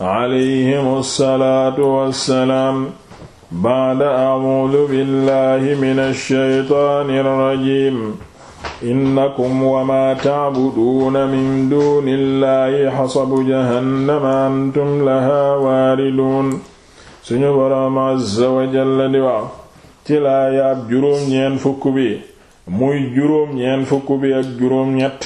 alayhim salaatu wassalaam baada acuudu billahi min alshaytaani alrajim innakum wama tacbuduuna min duuni illahi xasabu jahannama antum lahaa waariduun suñu boroom azza wa jalla di wax ci laayaab juróom-ñeen fukk bi muy juróom-ñeen fukk bi ak juróom-ñett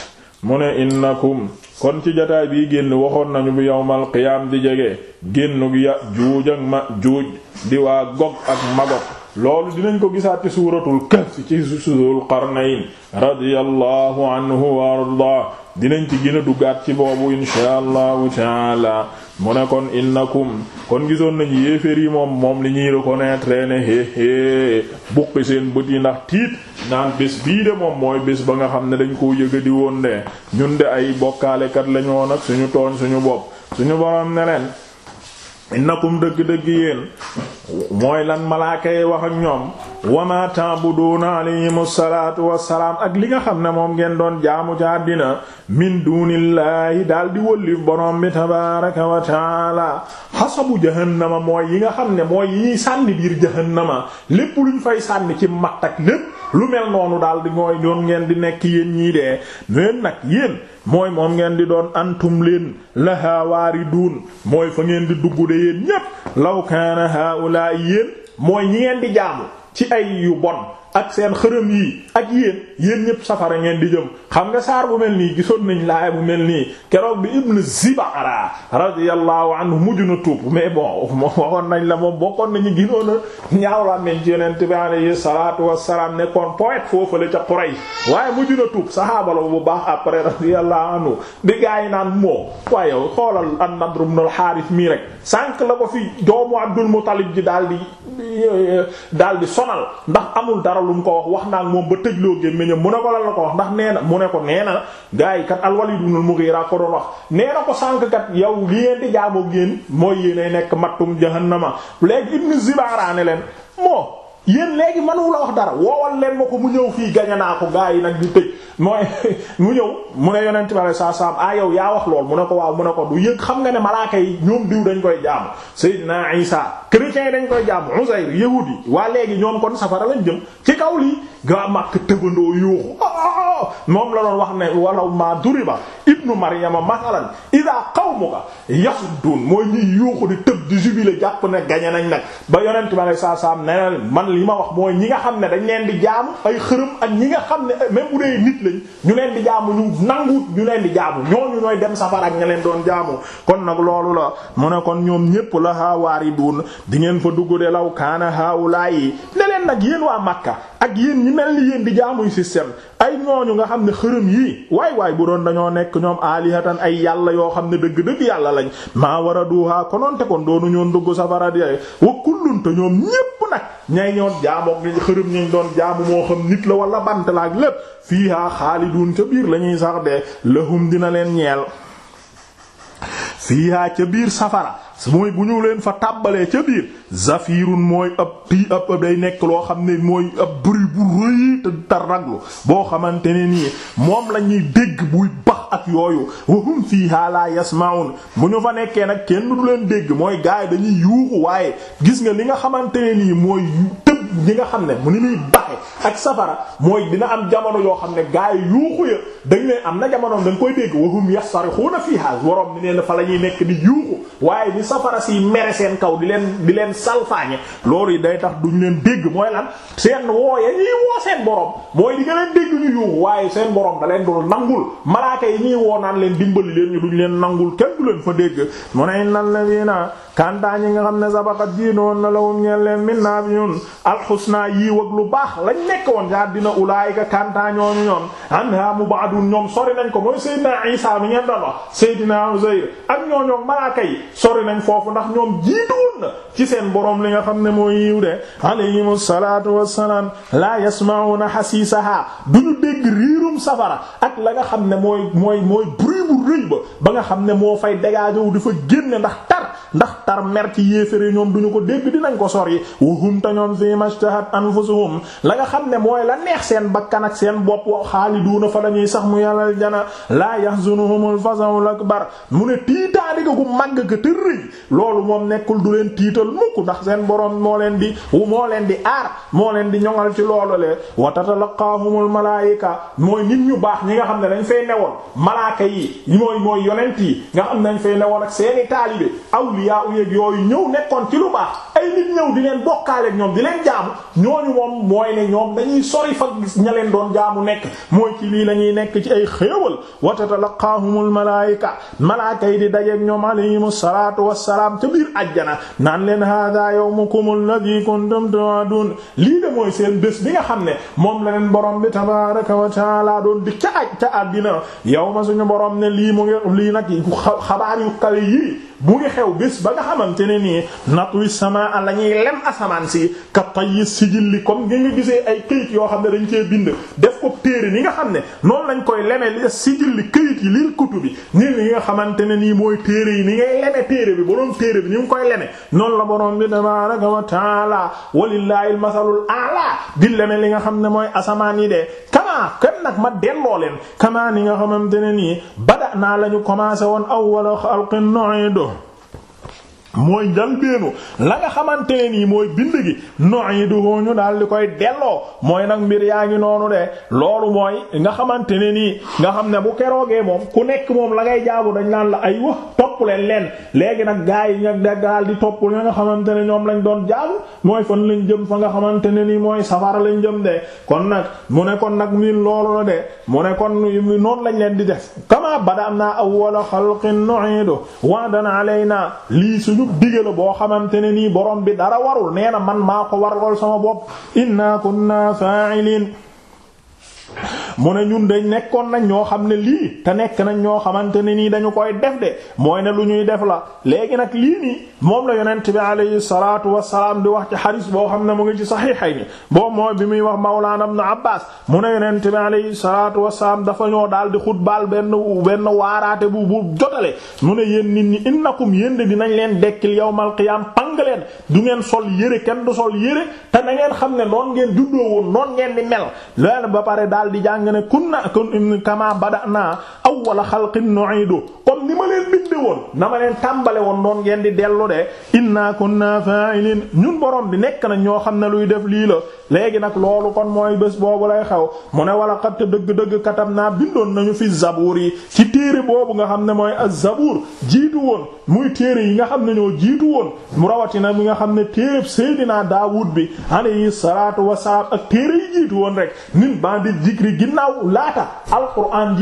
mu ne innakum kon ci jotaay bii génn waxoon nañu bu yawmal qiyaam di jege génnug ya juuj ak ma juuj di waa Gog ak Magog loolu dinañ ko gisaat ci suuratul kahf ci suuratul qarnayn radiyallahu anhu wa ardaa dinañ ci gën du duggaat ci boobu inshaa allahu taala mu ne kon innakum kon gisoon nañu yéeféer yi moom moom li ñuy reconnaître ne héehée buqi seen bët yi ndax tiit naan bés bii de moom mooy bés ba nga xam ne dañ koo yëga di woon de ñun de ay bokkaalekat lañu woon nag suñu tooñ suñu bopp suñu boroom ne leen innakum dëgg-dëgg yéen mooy lan malaaka yi wax ak ñoom wama ta'buduna alayhimu salaatu wassalaam ak li nga xam ne moom ngeen doon jaamu ca àddina min dunillahi daal di wëllif borom bi tabaaraka wa taala xasabu jahannama mooy yi nga xam ne mooy yi sànni biir jahannama lépp luñ fay sànni ci matt ak lépp lu mel noonu daal di mooy doon ngeen di nekk yéen ñii de leen nag yéen mooy moom ngeen di doon antum leen laha duun mooy fa ngeen di dugg de yéen ñépp law kaana haula yéen mooy ñi ngeen di jaamu ci ay yu bon ak seen xërëm yi ak yéen yéen ñëpp safara ngeen di jëm xam nga saar bu mel nii gisoon nañ laay bu mel nii keroog bi ibn Zibara radiyallahu anhu mujj na tuub mais bon waxoon nañ la moom bokkoon nañu ginoon a ñaaw la nañ ci yonent bi alayhi salaatu wassalaam nekkoon poète foofu la ca Quraysh waaye mujj na tuub saxaaba la bu baax après radiyallahu anhu bi gaa yi naan moo waaye yow xoolal an-Nadr sànq la ko fi doomu Abdul Muttalib ji daal di daal di sonal ndax amul lu mu ko wax wax naag moom ba tëjloo gémmiñam mu ne ko lan la ko wax ndax nee na mu ne ko nee na gars yi kat al-Walid ibn al-Mughira ko doon wax nee na ko sànq kat yow li ngeen di jaamoo génn mooy yéenay nekk mattum jahannama léegi Ibn Zibara moo yéen léegi mënu la wax dara woowal leen ma ko mu ñëw fii gañe naa ko gaa yi nag di tëj mooy mu ñëw mu ne yonent bi saa saam ah yow yaa wax lool mu ne ko waaw mu ne ko du yëg xam nga ne malaaka yi ñoom diw dañ koy jaamu Seydina Isa chrétiens yi dañ koy jàmm Uzayr yahud yi waa léegi ñoom kon safara lañ jëm ci kaw lii gaa màkk tëbandoo yuuxu ah, ah, ah, moom la doon wax ne walaw ma duriba ibnu maryama masalan ida qawmuka yasuddun mooy ñuy yuuxu di tëb di jubilé jàpp ne gañe nañ nag ba yonent ma ne saa saam nee man li ma wax mooy ñi nga xam ne dañ leen di jaamu ay xërëm ak ñi nga xam ne même bu dee nit lañ ñu leen di jaamu ñu nanguut ñu leen di jaamu ñooñu ñooy dem safara ak ña leen doon jaamu kon nag loolu la mu ne kon ñoom ñépp la waaridun di ngeen fa dugg de law kaana haawulaa yi ne nag yéen waa Makka ak yéen ñi mel ni yéen di jaamuy système ay ñooñu nga xam ne xërëm yii waay waay bu doon dañoo nekk ñoom aalihatan ay yàlla yoo xam ne dëgg-dëgg yàlla lañ maa war a duuhaa konoonte kon doonu ñoon dugg safara di wa kullun te ñoom ñépp nag ñay ñoon jaamook xërëm ñañ doon jaamu moo xam nit la wala bant la ak lépp fiihaa xaalidun ca biir lañuy sax de lahum dina leen ñeel fiihaa ca biir safara mooy bu ñu leen fa tàbbalee ca biir zafirun mooy ab day nekk loo xam ne mooy ab bruit bu rëy te ta boo xamante ne nii moom la ñuy dégg buy bax ak yooyu wahum fiha la yasmaun bu ñu fa nekkee nag kenn du leen dégg mooy gaay dañuy yuuxu waaye gis nga li nga xamante ne nii mooy tëb ñi nga xam ne mu ni muy baxe ak safara mooy dina am jamono yoo xam ne gaay yuuxu ya dañ leen am na jamonoom dañ koy dégg wahum yastarixuuna fiha warom ni neen fa la ñuy nekk di yuuxu waaye di safara si mere seen kaw di leen di leen salfaañe loolu yi day tax duñ leen dégg mooy lan seen wooye ñuy woo seen borom mooy di nga leen dégg ñu yuuxu waaye seen borom da leen dul nangul malaaka yi ñuy woo naan leen dimbali leen ñu duñ leen nangul kenn du leen fa dégg mu na innal ladina kantaa ñi nga xam ne sabaxat jiinoon na lawum ñeen leen min naa ñun alxusna yiiw ak lu baax lañ nekk woon yaa dina ulaayika kantaa ñooñu ñoom anha mubaadun ñoom sori nañ ko mooy Seydina Isa mi ngeen doon wax Seydina Uzayr ak ñooñoom malaaka yi sori nañ foofu ndax ñoom jiituwoon na ci seen borom li nga xam ne mooy yiiw de alayhimu salaatu wassalaam laa yasma'una hasiisaha duñu dégg riirum safara ak la nga xam ne mooy mooy mooy bruit bu rëy ba ba nga xam ne moo fay dégaajow di fa génne ndax tar ndax tar mer ci yéeféri ñoom duñu ko dégg dinañ ko sori wahum ta ñoom fi mashtahat anfusuhum la nga xam ne mooy la neex seen bakkan ak seen bopp xaaliduuna fa la ñuy sax mu yàllal jana laa yahzunuhumul fazaul akbar mu ne tiitaani ko gu màgg ka tërëy loolu moom nekkul du leen tiital mukk ndax seen boroom moo leen di moo leen di aar moo leen di ñoŋal ci loolu le wa tatalaqaahumul malaayika mooy nit ñu baax ñi nga xam ne dañ fay newoon malaaka yi mooy mooy yonent yi nga xam ne ak seeni taalibe awliya yeeg yooyu ñëw nekkoon ci lu baax ay nit ñëw di leen bokkaale ak ñoom di leen jaamu ñooñu moom mooy ne ñoom dañuy sori fa ña leen doon jaamu nekk mooy ci lii la ñuy nekk ci ay xéewal wa tatalaqaahumul malaayika malaaka yi di dajeeg ñoom alayhimu salaatu wassalaam ca biir ajjana naan leen haadaa yawmukumul ladhi kuntum tu'adun lii de mooy seen bés bi nga xam ne moom la leen borom bi tabaaraka wa taala doon di ca aj ca àddina yow ma suñu borom ne lii mu ngi lii nag xabaar yu kawe yii mu ngi xew bés ba nga xamante ne nii natwi samaa la ñuy lem asamaan si ka yi sijil li comme nga nga gisee ay këyit yoo xam ne dañ cee bind def ko téere ni nga xam ne noonu lañ koy lemee sijil li këyit yi lil kutubi nga xamante ne nii mooy téere yi ni ngay leme téere bi boroom téere bi ni nga koy leme noonu la boroom bi tabaaraka wa taala walillaahi masalul ala di leme li nga xam ne mooy asamaan yi de kamaa kenn nag ma delloo leen kamaa ni nga xamante ne nii bada naa la ñu commencé woon awwala xalqin nu'idu mooy njalbeenu la nga xamante ne nii mooy bind gi nu'iduhu ñu daal di koy delloo mooy nag mbir yaa ngi noonu de loolu mooy nga xamante ne nii nga xam ne bu keroogee moom ku nekk moom la ngay jaabu dañ naan la ay wax topp leen leen léegi nag gaa yi nag daal di topp li nga xamante ne ñoom lañ doon jaabu mooy fan lañ jëm fa nga xamante ne nii mooy safara lañ jëm de kon nag mu ne kon nag miin loolu la de mu ne kon noonu lañ leen di def kama bada'na awwala xalqin nu'idu wa'dan alaynaa lii suñu sunu dige la boo xamante ne nii borom bi dara warul nee na man maa ko warlol sama bopp inna kunna fa'ilin mu ne ñun dañ nekkoon nañ ñoo xam ne lii te nekk nañ ñoo xamante ne nii dañu koy def de mooy ne lu ñuy def la léegi nag lii nii moom la yonent bi alayhi salaatu wassalaam di wax ci xadis boo xam ne mu ngi ci saxiixay ni boo mooy bi muy wax Mawlaana Ibn Abbaas mu ne yonent bi alayhi salaatu wassalaam dafa ñoo daal di xutbaal benn benn waaraate bu bu jotale mu ne yéen nit ñi innakum yéen de dinañ leen dekkil yawmal qiyaam pang leen du ngeen sol yére kenn du sol yére te na ngeen xam ne noon ngeen juddoo woon ngeen di jàng ne kunna kun kama bada'na awwala xalqin nu'idu woon na ma leen tàmbale woon noon ngeen di dellu de inna kunna fa'ilin ñun borom bi nekk na ñoo xam ne luy def lii la léegi nag loolu kon mooy bés boobu lay xew mu ne wala xat dëgg-dëgg katam naa bindoon nañu fi zabuur yi ci téere boobu nga xam ne mooy az-zabuur jiitu woon muy téere yi nga xam ne ñoo jiitu woon mu rawatina bi nga xam ne téere Seydina Daawud bi alayhi wa wasalaam ak téere yi jiitu woon rek nit ba di jikri ginnaaw laata alquran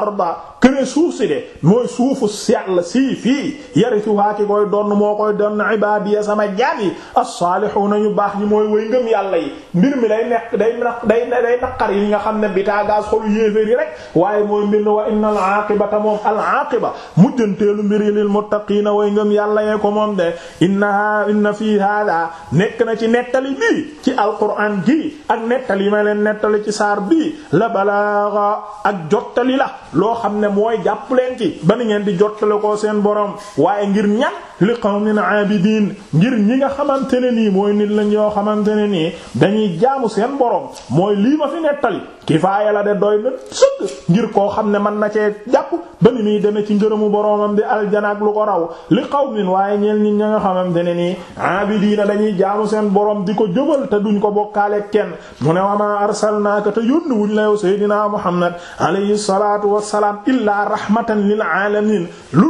arda këne suuf si de mooy suufu sell sii fii yarituhaa ki koy donn moo koy donn ibaadiya sama jaam yi as-saalihuuna ñu baax ñi mooy wëy ngëm yàlla yi mbir mi day nekk day day day naqar yi nga xam ne bitaagaas xolu yéeféer yi rek waaye mooy mbir ne wa inna al aqibata moom al aqiba mujjanteelu mbir yi lil muttaqiina wëy ngëm yàlla yee ko moon de inna inna fii hada nekk na ci nettali bii ci alquran gi ak nettali yi ma leen nettali ci saar bi la balaaga ak jottali la loo xam ne mooy jàpp leen ci ba ni ngeen di jottale ko seen borom waaye ngir ñan li qawmin aabidin ngir ñi nga xamante ne nii mooy nit lañ yoo xamante ne nii dañuy jaamu seen borom mooy lii ma fi nettali kifaaya la de doy na sëkk ngir koo xam ne man na cee jàpp ba ni muy demee ci ngërëmu boromam di aljana ak lu ko raw li qawmin waaye ñeel ñi ña nga xamante ne nii aabidiina dañuy jaamu seen borom di ko jógal te duñ ko bokkaale kenn mu ne wama arsalnaaka te yónni wuñ la yow Seydina Muhammad alayhi salaatu wassalaam illaa rahmatan lil aalamiin lu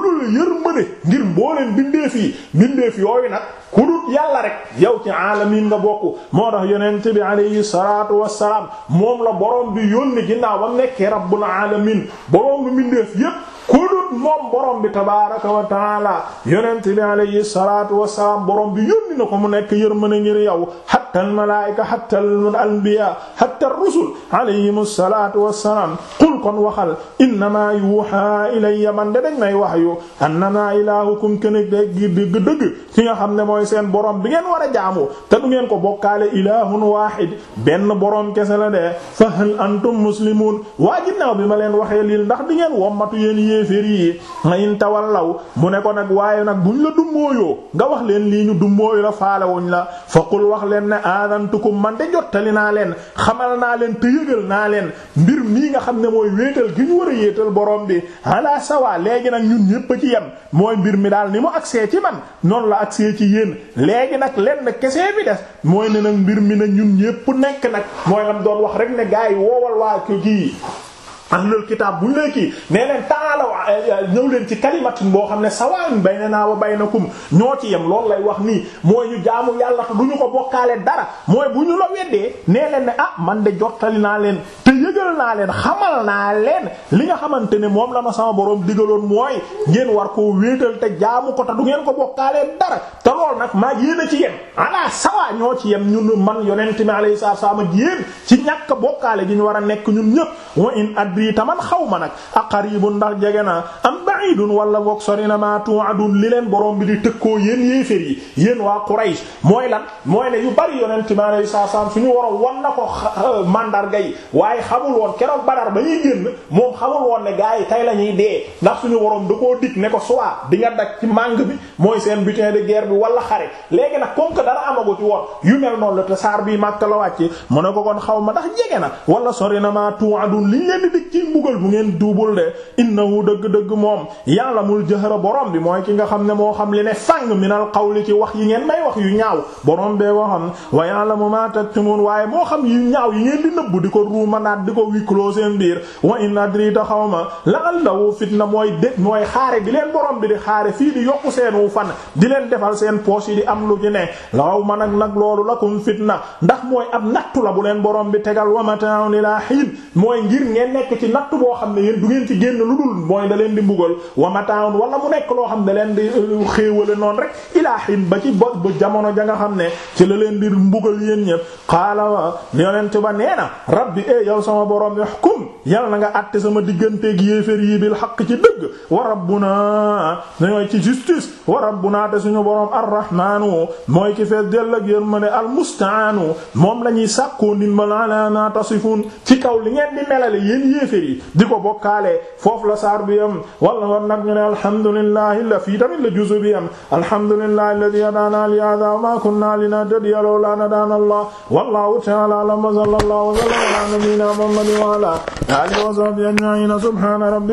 mbindeef yi mbindeef yooyu nag ku yàlla yow ci aalamin nga bokk moo tax yonent bi alayhi salaatu wassalaam moom la borom bi yónni ginnaaw ba mu nekkee rabbul aalamin borom bi mbindeef yépp moom borom bi tabaaraka wa taala yonent bi alayhi salaatu wa salaam borom bi yónni na ko mu nekk yërmande ngir yow hatta al malaa'ika hatta al anbiyaa hatta ar rusul alayhimu salaatu wa salaam qul kon waxal innamaa yuuhaa ilayya man de dañ may wahyu annamaa ilaahukum kenn dëgg dëgg ci nga xam ne mooy seen borom bi ngeen war a jaamu te du ngeen ko bokkaale ilaahun waahid benn borom kese la de fa hal antum muslimuun waa ginnaaw bi ma leen waxee lii ndax di ngeen wommatu yéen yéeféer yi in law mu ne ko nag waaye nag bu ñu la dummóoyoo nga wax leen lii ñu dummóoyu la faalewuñ la fa qul wax leen ne aadantukum man de jottali naa leen xamal naa leen te yëgal naa leen mbir mii nga xam ne mooy wéetal gi ñu war a yéetal boroom bi ala sawa léegi nag ñun ñépp ci yem mooy mbir mi daal ni mu agsee ci man noonu la agsee ci yéen léegi nag lenn kese bi des mooy ne mbir mi nag ñun ñépp nekk nag mooy lam doon wax rek ne gaa yi woowal waa ko ahlul kitaab bu ñu lay kii nee leen taalaw eh, eh, ñëw leen ci kalimatin boo xam ne sawaa'un baynanaa wa baynakum ñoo ci yem loolu lay wax nii mooy ñu jaamu yàlla te du ñu ko bokkaale dara mooy bu ñu la weddee nee leen ne ah man de jottali naa leen te yëgal naa leen naa leen li nga xamante ne moom la ma sama borom digaloon mooy ngeen war koo wéetal te jaamu ko te ngeen ko bokkaale dara te lool nag maa yéen a ci yem ala sawa ñoo ci yem ñun man yonent mi alayhi salaam ak yéen ci ñàkk bokkaale gi ñu war a nekk ñun ñëpp adri taman xaw ma nag aqaribun ndax jege na am ba'idun wala boog sori na ma tu'adun li leen borom bi di tëkkoo yéen yéefér yi yéen waa Quraysh mooy lan mooy ne yu bari yonent mi alayhi salaam suñu waroon wan na ko mandarga yi waaye xamul woon keroog Badar ba ñuy génn moom xamul woon ne gaa yi tey la ñuy dee ndax suñu waroon da koo dig ne ko soit di nga dak ci màng bi mooy seen butin de guerre bi wala xare léegi nag comme que dara ci woon yu mel noonu la te saar bii Makka la wàcce mu xaw ma ndax leen di dig ci mbugal bu ngeen duubul de innahu dëgg-dëgg moom ya'lamul jahra borom bi mooy ki nga xam ne moo xam li ne fàng minal qawli ci wax yi ngeen may wax yu ñaaw borom bee waxoon wa ya'lamu ma taktumun waaye moo xam yu ñaaw yi ngeen di nëbbu di ko ruumanaat di ko wikloo seen biir wa in adrita xaw ma la'allahu fitna mooy dé mooy xaare di leen borom bi di xaare fii di yokku seenu fan di leen defal seen poche yi di am lu ci ne law ma nag na loolu lakum la bu leen borom bi tegal wa mata'un ila hin mooy ngir ngeen nekk ci natt boo xam ne yéen du ngeen ci génn lu dul mooy da leen di mbugal wa mataan wala mu nekk loo xam ne da leen di euh, xéewale noonu rek ilaahin ba ci bos ba jamono ja nga xam ne ci la leen di mbugal yéen ñëpp xaala yonent ba nee na rabbi e yow sama borom yahkum yal na nga àtte sama digganteeg yéefér yi bil xaq ci dëgg wa rabbuna ñooy ci justice wa rabbuna te suñu borom arrahmaanu mooy ki fees dell ak yërmande ma ne ci kaw li ngeen yéeféer yi di ko bokkaale foofu la saar bi yam wala war nag ñu ne alhamdulillahi la fii tamit la juzu bi yam alhamdulillahi alladhi hadaana li hadha wa ma kunna linahtadiya lawla an hadaana allah wallahu ta'ala a'lam wa sallallahu wa sallama ala nabiyyina muhammadin wa ala alihi wa sahbihi ajma'in subhana rabbika